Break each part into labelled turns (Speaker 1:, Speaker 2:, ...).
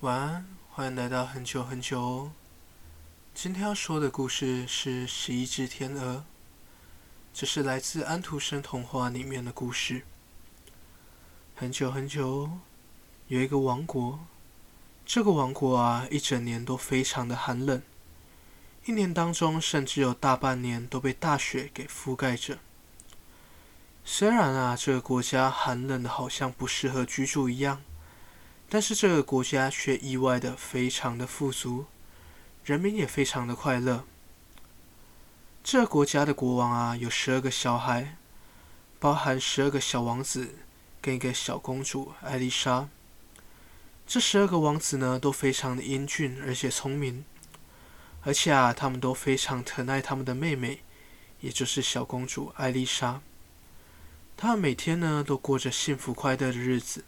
Speaker 1: 晚安，歡迎來到很久很久哦，今天要說的故事是《十一隻天鵝》，這是來自安徒生童話裡面的故事。很久很久哦，有一個王國，這個王國啊，一整年都非常的寒冷，一年當中甚至有大半年都被大雪給覆蓋着。雖然啊，這個國家寒冷得，好像不適合居住一樣。但是這個國家卻意外的非常的富足，人民也非常的快樂。這個國家的國王啊，有十二個小孩，包含十二個小王子跟一個小公主艾麗莎。這十二個王子呢，都非常的英俊而且聰明，而且啊，他們都非常疼愛他們的妹妹，也就是小公主艾麗莎。他們每天呢，都過着幸福快樂的日子。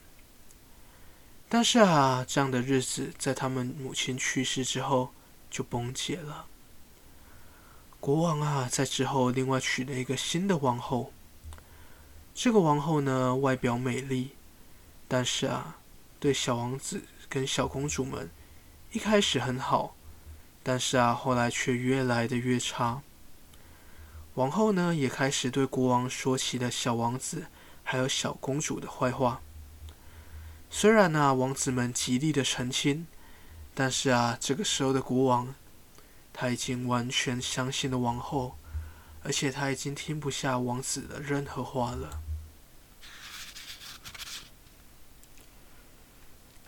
Speaker 1: 但是啊，這樣的日子在他們母親去世之後就崩解了。國王啊，在之後另外娶了一個新的王後。這個王后呢，外表美麗，但是啊，對小王子跟小公主們一開始很好，但是啊，後來却越來的越差。王后呢，也開始對國王說起了小王子還有小公主的壞話。雖然啊，王子們極力的澄清，但是啊，這個時候的國王他已經完全相信了王後，而且他已經聽不下王子的任何話了。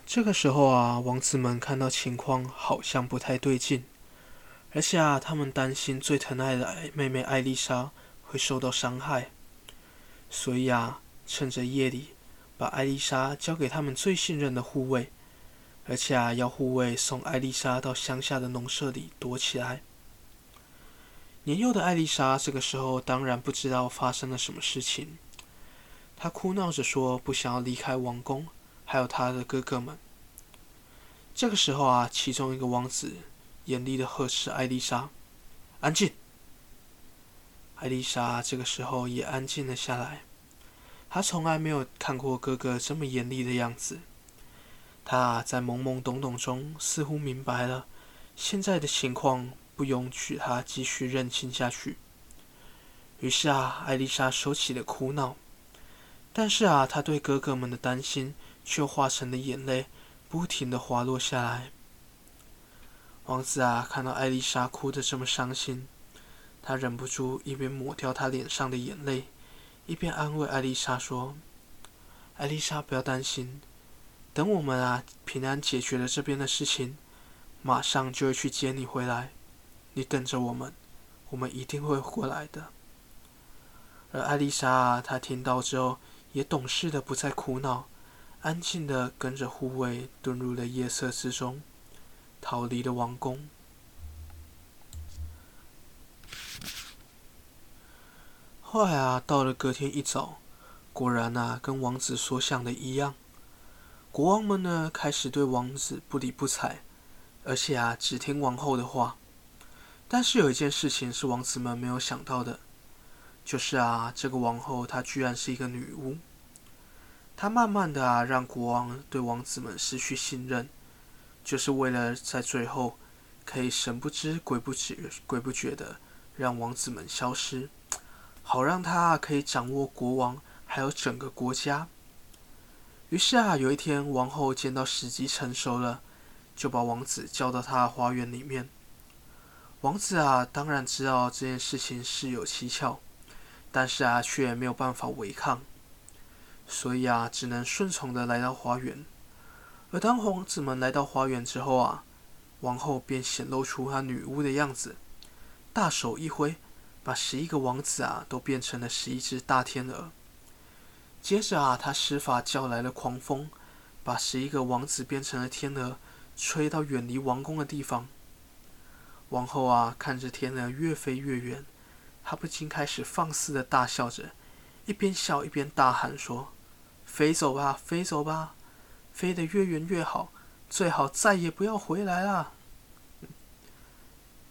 Speaker 1: 這個時候啊，王子們看到情況好像不太對勁，而且啊，他們擔心最疼愛的妹妹艾麗莎會受到傷害，所以啊，趁着夜裡。把艾麗莎交給他們最信任的護衛，而且啊，要護衛送艾麗莎到鄉下的農舍裡躲起來。年幼的艾麗莎這個時候當然不知道發生了什麼事情，她哭鬧着說不想要離開王宮，還有她的哥哥們。這個時候啊，其中一個王子嚴厲地呵斥艾麗莎：“安靜！”艾麗莎這個時候也安靜了下來。他從來沒有看過哥哥這麼嚴厲的樣子。他啊，在懵懵懂懂中似乎明白了，現在的情況不容許他繼續任性下去。於是啊，艾麗莎收起了哭鬧，但是啊，他對哥哥們的擔心卻化成了眼淚，不停地滑落下來。王子啊，看到艾麗莎哭得這麼傷心，他忍不住一邊抹掉她臉上的眼淚。一邊安慰艾麗莎說：“艾麗莎，不要擔心，等我們啊，平安解決了這邊的事情，馬上就會去接你回來。你等着我們，我們一定會回來的。”而艾麗莎啊，她聽到之後也懂事的不再苦惱，安靜的跟着護衛遁入了夜色之中，逃離了王宮。快啊！到了隔天一早，果然吶、啊，跟王子所想的一樣，國王們呢開始對王子不理不睬，而且啊只聽王後的話。但是有一件事情是王子們沒有想到的，就是啊這個王后她居然是一個女巫。她慢慢的啊讓國王對王子們失去信任，就是為了在最後可以神不知鬼不知鬼不覺的讓王子們消失。好讓他可以掌握國王，還有整個國家。於是啊，有一天，王后見到時機成熟了，就把王子叫到她的花園裡面。王子啊，當然知道這件事情事有蹊蹺，但是啊，卻沒有辦法違抗，所以啊，只能順從的來到花園。而當王子們來到花園之後啊，王后便顯露出她女巫的樣子，大手一揮。把十一個王子啊，都變成了十一隻大天鵝。接着啊，他施法叫來了狂風，把十一個王子變成了天鵝，吹到遠離王宮的地方。王后啊，看着天鵝越飛越遠，她不禁開始放肆的大笑着，一邊笑一邊大喊說：“飛走吧，飛走吧，飛得越遠越好，最好再也不要回來啦。”嗯。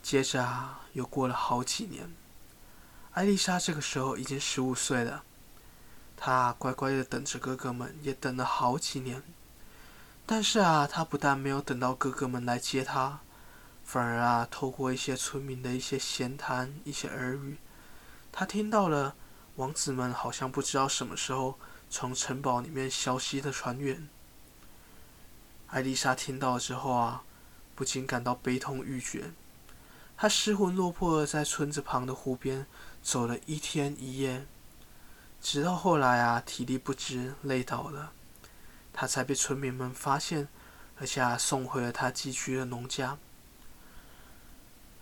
Speaker 1: 接着啊，又過了好幾年。艾麗莎這個時候已經十五歲了，她乖乖的等着哥哥們，也等了好幾年。但是啊，她不但沒有等到哥哥們來接她，反而啊，透過一些村民的一些閒談、一些耳語，她聽到了王子們好像不知道什麼時候從城堡裡面消失的傳言。艾麗莎聽到了之後啊，不禁感到悲痛欲絕。他失魂落魄地在村子旁的湖邊走了一天一夜，直到後來啊，體力不支，累倒了，他才被村民們發現，而且還、啊、送回了他寄居的農家。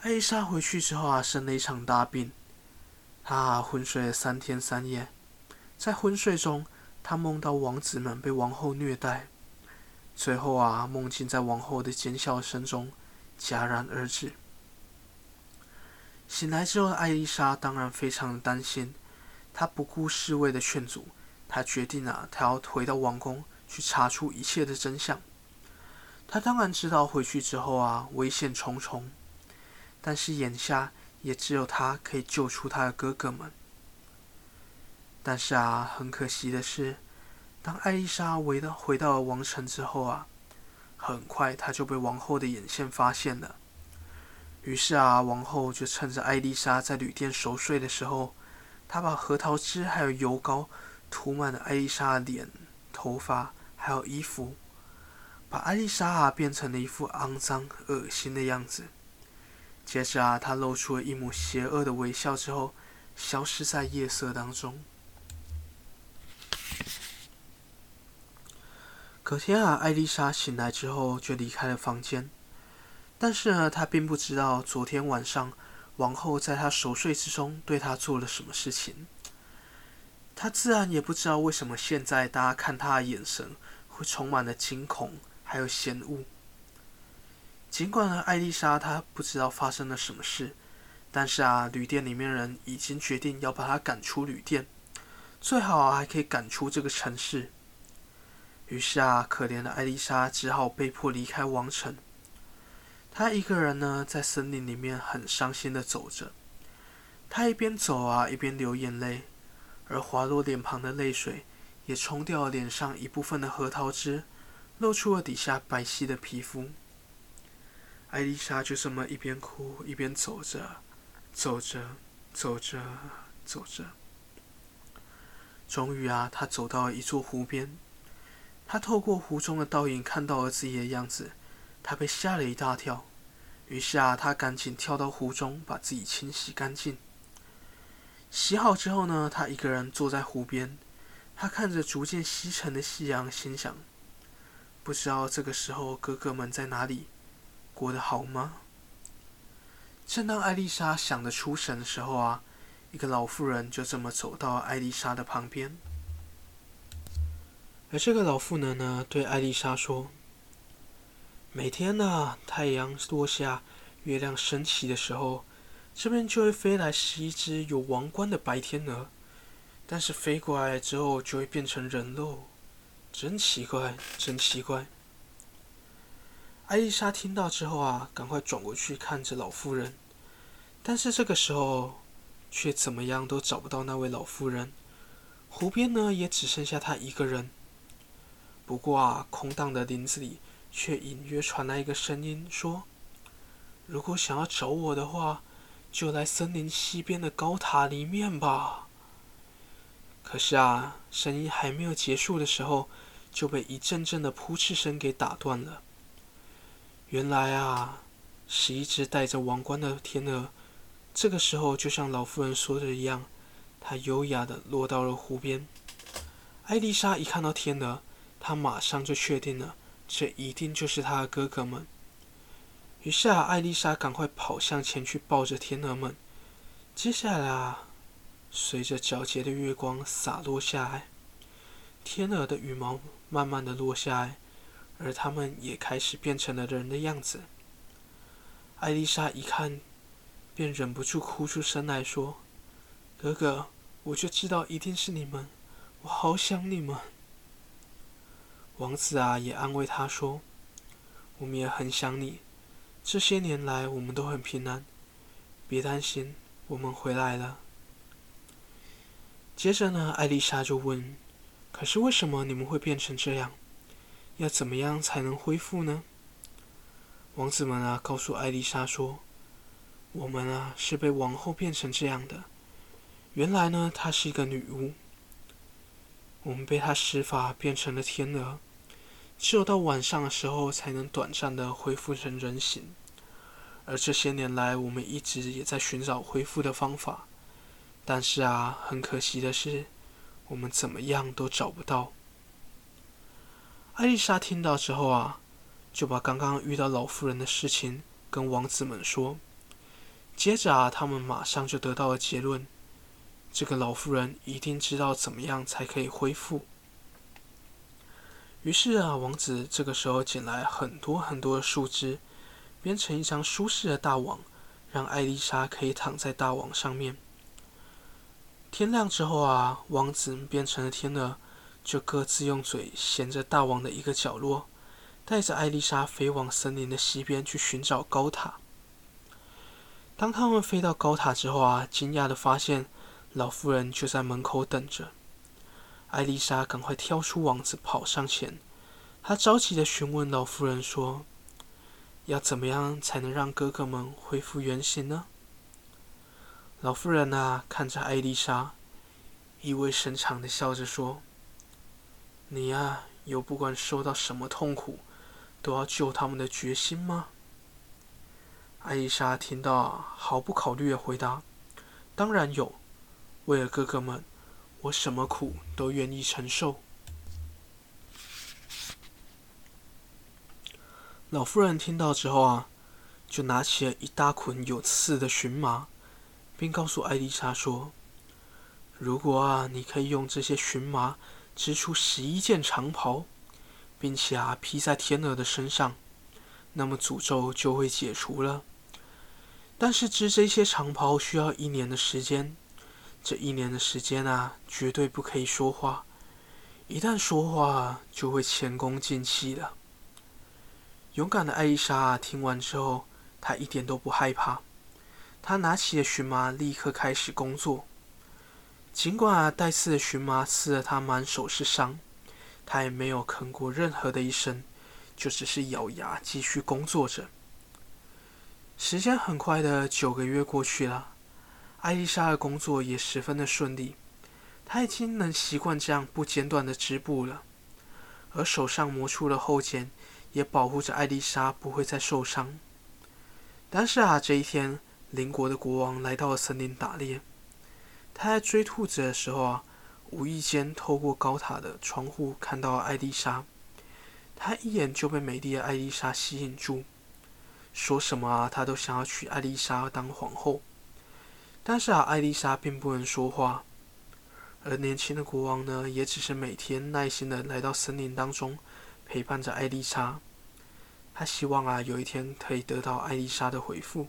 Speaker 1: 艾莎回去之後啊，生了一場大病，她、啊、昏睡了三天三夜，在昏睡中，她夢到王子們被王后虐待，最後啊，夢境在王後的尖笑聲中戛然而止。醒來之後的艾麗莎當然非常的擔心。她不顧侍衛的勸阻，她決定了啊，她要回到王宮去查出一切的真相。她當然知道回去之後啊，危險重重。但是眼下也只有她可以救出她的哥哥們。但是啊，很可惜的是，當艾麗莎回到回到了王城之後啊，很快她就被王後的眼線發現了。於是啊，王后就趁着艾麗莎在旅店熟睡的時候，她把核桃汁還有油膏塗滿了艾麗莎的臉、頭髮還有衣服，把艾麗莎啊變成了一副骯髒噁心的樣子。接着啊，她露出了一抹邪惡的微笑之後，消失在夜色當中。隔天啊，艾麗莎醒來之後就離開了房間。但是呢，他並不知道昨天晚上王后在他熟睡之中對他做了什麼事情。他自然也不知道為什麼現在大家看他的眼神會充滿了驚恐，還有嫌惡。儘管呢，艾麗莎她不知道發生了什麼事，但是啊，旅店裡面的人已經決定要把她趕出旅店，最好還可以趕出這個城市。於是啊，可憐的艾麗莎只好被迫離開王城。他一個人呢，在森林裡面很傷心的走着。他一邊走啊，一邊流眼淚，而滑落臉龐的淚水也沖掉了臉上一部分的核桃汁，露出了底下白皙的皮膚。艾麗莎就這麼一邊哭一邊走着，走着，走着，走着。終於啊，他走到了一座湖邊。他透過湖中的倒影，看到了自己的樣子。他被嚇了一大跳，於是啊，他趕緊跳到湖中，把自己清洗乾淨。洗好之後呢，他一個人坐在湖邊，他看着逐漸西沉的夕陽，心想：不知道這個時候哥哥們在哪裡，過得好嗎？正當艾麗莎想得出神的時候啊，一個老婦人就這麼走到艾麗莎的旁邊，而這個老婦人呢，對艾麗莎說。每天呢，太陽落下、月亮升起的時候，這邊就會飛來十一隻有王冠的白天鵝，但是飛過來之後就會變成人嘍，真奇怪，真奇怪。艾麗莎聽到之後啊，趕快轉過去看着老婦人，但是這個時候，卻怎麼樣都找不到那位老婦人，湖邊呢也只剩下她一個人。不過啊，空蕩的林子裡，卻隱約傳來一個聲音說：“如果想要找我的話，就來森林西邊的高塔裡面吧。”可是啊，聲音還沒有結束的時候，就被一陣陣的撲翅聲給打斷了。原來啊，是一隻戴着王冠的天鵝。這個時候，就像老婦人說的一樣，它優雅的落到了湖邊。艾麗莎一看到天鵝，她馬上就確定了。這一定就是他的哥哥們。於是啊，艾麗莎趕快跑向前去，抱着天鵝們。接下來啊，隨着皎潔的月光灑落下來，天鵝的羽毛慢慢的落下來，而它們也開始變成了人的樣子。艾麗莎一看，便忍不住哭出聲來說：“哥哥，我就知道一定是你們，我好想你們。”王子啊，也安慰她說：“我們也很想你，這些年來我們都很平安，別擔心，我們回來了。”接着呢，艾麗莎就問：“可是為什麼你們會變成這樣？要怎麼樣才能恢復呢？”王子們啊，告訴艾麗莎說：“我們啊，是被王后變成這樣的。原來呢，她是一個女巫。”我們被他施法變成了天鵝，只有到晚上的時候才能短暫的恢復成人形。而這些年來，我們一直也在尋找恢復的方法，但是啊，很可惜的是，我們怎麼樣都找不到。艾麗莎聽到之後啊，就把剛剛遇到老婦人的事情跟王子們說，接着啊，他們馬上就得到了結論。這個老婦人一定知道怎麼樣才可以恢復。於是啊，王子這個時候撿來很多很多的樹枝，編成一張舒適的大網，讓艾麗莎可以躺在大網上面。天亮之後啊，王子變成了天鵝，就各自用嘴銜着大網的一個角落，帶着艾麗莎飛往森林的西邊去尋找高塔。當他們飛到高塔之後啊，驚訝地發現。老婦人就在門口等着。艾麗莎趕快跳出網子，跑上前。她着急的詢問老婦人說：“要怎麼樣才能讓哥哥們恢復原形呢？”老婦人啊，看着艾麗莎，意味深長的笑着說：“你呀、啊，有不管受到什麼痛苦，都要救他們的決心嗎？”艾麗莎聽到，毫不考慮的回答：“當然有。”為了哥哥們，我什麼苦都願意承受。老婦人聽到之後啊，就拿起了一大捆有刺的蕁麻，並告訴艾麗莎說：“如果啊，你可以用這些蕁麻織出十一件長袍，並且啊披在天鵝的身上，那麼詛咒就會解除了。但是織這些長袍需要一年的時間。”這一年的時間啊，絕對不可以說話，一旦說話就會前功盡棄了。勇敢的艾麗莎啊，聽完之後，她一點都不害怕。她拿起了蕁麻，立刻開始工作。儘管啊，帶刺的蕁麻刺得她滿手是傷，她也沒有吭過任何的一聲，就只是咬牙繼續工作着。時間很快的，九個月過去了。艾麗莎的工作也十分的順利，她已經能習慣這樣不間斷的織布了，而手上磨出了厚繭，也保護着艾麗莎不會再受傷。但是啊，這一天，鄰國的國王來到了森林打獵，他在追兔子的時候啊，無意間透過高塔的窗戶看到了艾麗莎，他一眼就被美麗的艾麗莎吸引住，說什麼啊，他都想要娶艾麗莎當皇後。但是啊，艾麗莎並不能說話，而年輕的國王呢，也只是每天耐心的來到森林當中，陪伴着艾麗莎。他希望啊，有一天可以得到艾麗莎的回復。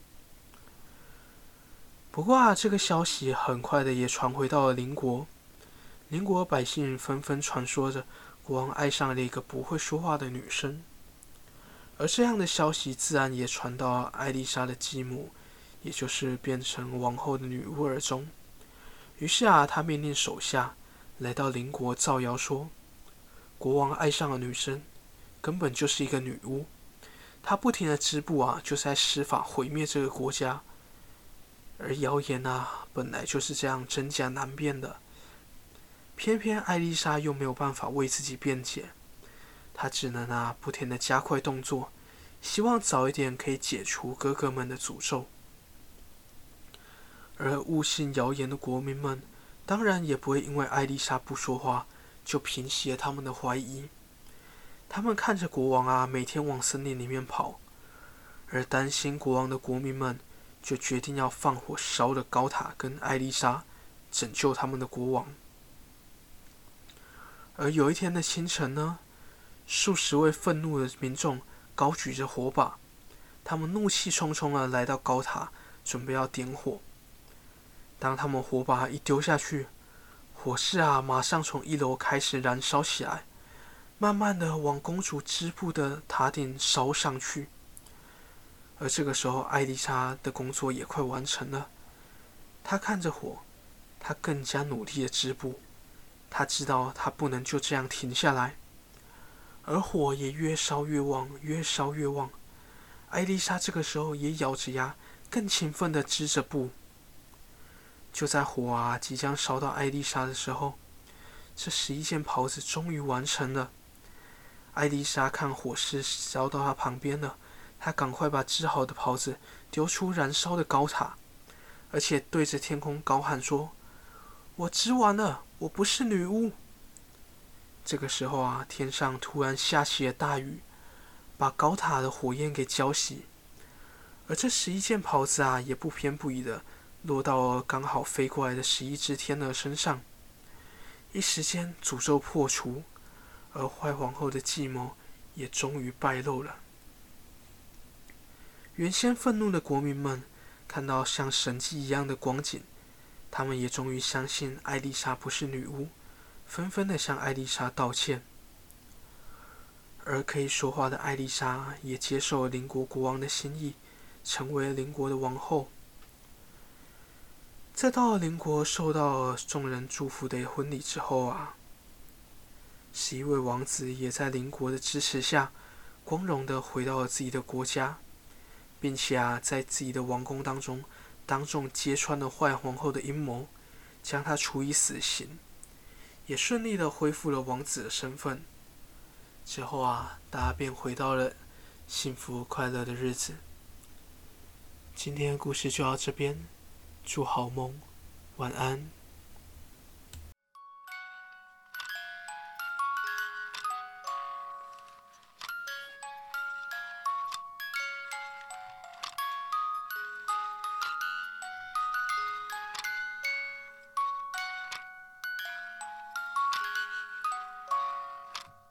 Speaker 1: 不過啊，這個消息很快的也傳回到了鄰國，鄰國百姓紛紛紛傳說着國王愛上了一個不會說話的女生，而這樣的消息自然也傳到了艾麗莎的繼母。也就是變成王後的女巫耳中。於是啊，她命令手下，來到鄰國造謠說，國王愛上了女生，根本就是一個女巫。她不停的織布啊，就是在施法毀滅這個國家。而謠言啊，本來就是這樣真假難辨的。偏偏艾麗莎又沒有辦法為自己辯解，她只能啊，不停的加快動作，希望早一點可以解除哥哥們的詛咒。而誤信謠言的國民們，當然也不會因為艾麗莎不說話就平息了他們的懷疑。他們看着國王啊，每天往森林裡面跑，而擔心國王的國民們就決定要放火燒的高塔跟、跟艾麗莎拯救他們的國王。而有一天的清晨呢，數十位憤怒的民眾高舉着火把，他們怒氣冲冲的來到高塔，準備要點火。當他們火把一丟下去，火勢啊，馬上從一樓開始燃燒起來，慢慢的往公主織布的塔頂燒上去。而這個時候，艾麗莎的工作也快完成了。她看着火，她更加努力的織布。她知道她不能就這樣停下來。而火也越燒越旺，越燒越旺。艾麗莎這個時候也咬着牙，更勤奮的織着布。就在火啊即將燒到艾麗莎的時候，這十一件袍子終於完成了。艾麗莎看火勢燒到她旁邊了，她趕快把織好的袍子丟出燃燒的高塔，而且對着天空高喊說：“我織完了，我不是女巫。”這個時候啊，天上突然下起了大雨，把高塔的火焰給澆熄，而這十一件袍子啊，也不偏不倚的。落到了剛好飛過來的十一隻天鵝身上，一時間詛咒破除，而壞皇後的計謀也終於敗露了。原先憤怒的國民們看到像神蹟一樣的光景，他們也終於相信艾麗莎不是女巫，紛紛的向艾麗莎道歉。而可以說話的艾麗莎也接受了鄰國國王的心意，成為了鄰國的王後。在到了鄰國受到了眾人祝福的婚禮之後啊，十一位王子也在鄰國的支持下，光榮的回到了自己的國家，並且啊，在自己的王宮當中，當眾揭穿了壞皇後的陰謀，將她處以死刑，也順利的恢復了王子的身份。之後啊，大家便回到了幸福快樂的日子。今天故事就到這邊。祝好夢，晚安。